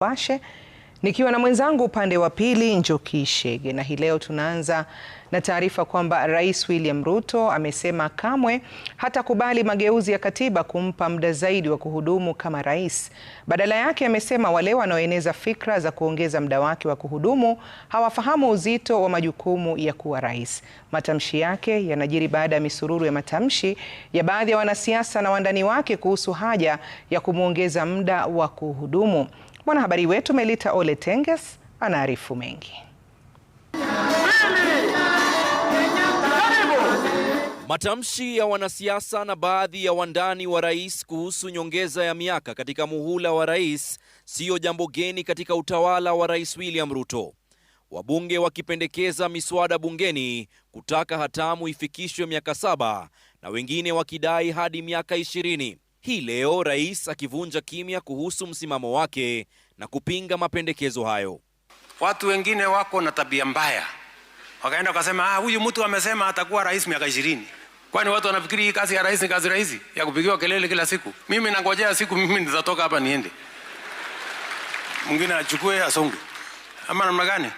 Washe nikiwa na mwenzangu upande wa pili Njoki Shege, na hii leo tunaanza na taarifa kwamba Rais William Ruto amesema kamwe hatakubali mageuzi ya katiba kumpa muda zaidi wa kuhudumu kama rais. Badala yake amesema wale wanaoeneza fikra za kuongeza muda wake wa kuhudumu hawafahamu uzito wa majukumu ya kuwa rais. Matamshi yake yanajiri baada ya misururu ya matamshi ya baadhi ya wanasiasa na wandani wake kuhusu haja ya kumwongeza muda wa kuhudumu. Mwanahabari wetu Melita Ole Tenges anaarifu mengi. Matamshi ya wanasiasa na baadhi ya wandani wa rais kuhusu nyongeza ya miaka katika muhula wa rais siyo jambo geni katika utawala wa Rais William Ruto. Wabunge wakipendekeza miswada bungeni kutaka hatamu ifikishwe miaka saba na wengine wakidai hadi miaka ishirini. Hii leo rais akivunja kimya kuhusu msimamo wake na kupinga mapendekezo hayo. Watu wengine wako na tabia mbaya, wakaenda wakasema, ah, huyu mtu amesema atakuwa rais miaka ishirini. Kwani watu wanafikiri hii kazi ya rais ni kazi rahisi ya kupigiwa kelele kila siku? Mimi nangojea siku mimi nitatoka hapa niende, mwingine achukue asonge, ama namna gani?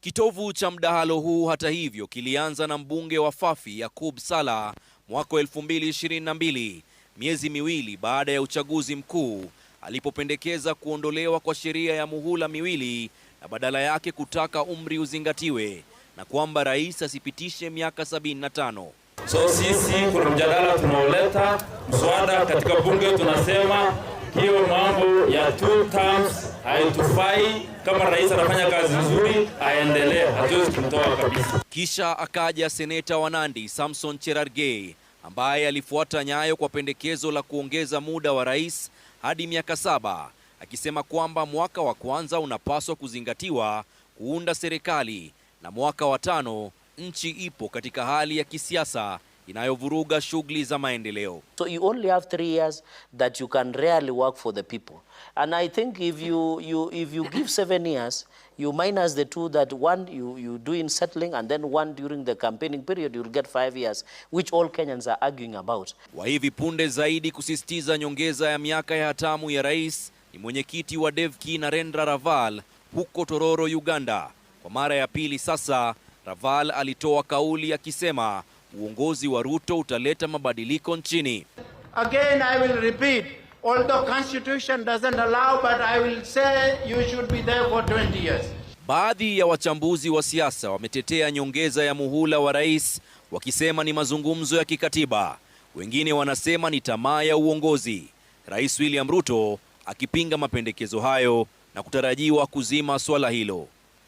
Kitovu cha mdahalo huu hata hivyo kilianza na mbunge wa Fafi Yakub Sala mwaka 2022 miezi miwili baada ya uchaguzi mkuu alipopendekeza kuondolewa kwa sheria ya muhula miwili na badala yake kutaka umri uzingatiwe na kwamba rais asipitishe miaka 75. So sisi kuna mjadala tunaoleta mswada katika bunge, tunasema hiyo mambo ya two terms haitufai. Kama rais anafanya kazi nzuri aendelee, hatuwezi kumtoa kabisa. Kisha akaja seneta wa Nandi Samson Cherargei ambaye alifuata nyayo kwa pendekezo la kuongeza muda wa rais hadi miaka saba, akisema kwamba mwaka wa kwanza unapaswa kuzingatiwa kuunda serikali na mwaka wa tano nchi ipo katika hali ya kisiasa inayovuruga shughuli za maendeleo. So you only have three years that you can really work for the people. And I think if you, you, if you give seven years, you minus the two that one you, you do in settling and then one during the campaigning period you'll get five years, which all Kenyans are arguing about. Wa hivi punde zaidi kusisitiza nyongeza ya miaka ya hatamu ya rais ni mwenyekiti wa Devki Narendra Raval huko Tororo, Uganda. Kwa mara ya pili sasa, Raval alitoa kauli akisema uongozi wa Ruto utaleta mabadiliko nchini. Again, I will repeat, although constitution doesn't allow, but I will say you should be there for 20 years. Baadhi ya wachambuzi wa siasa wametetea nyongeza ya muhula wa rais wakisema ni mazungumzo ya kikatiba. Wengine wanasema ni tamaa ya uongozi. Rais William Ruto akipinga mapendekezo hayo na kutarajiwa kuzima swala hilo.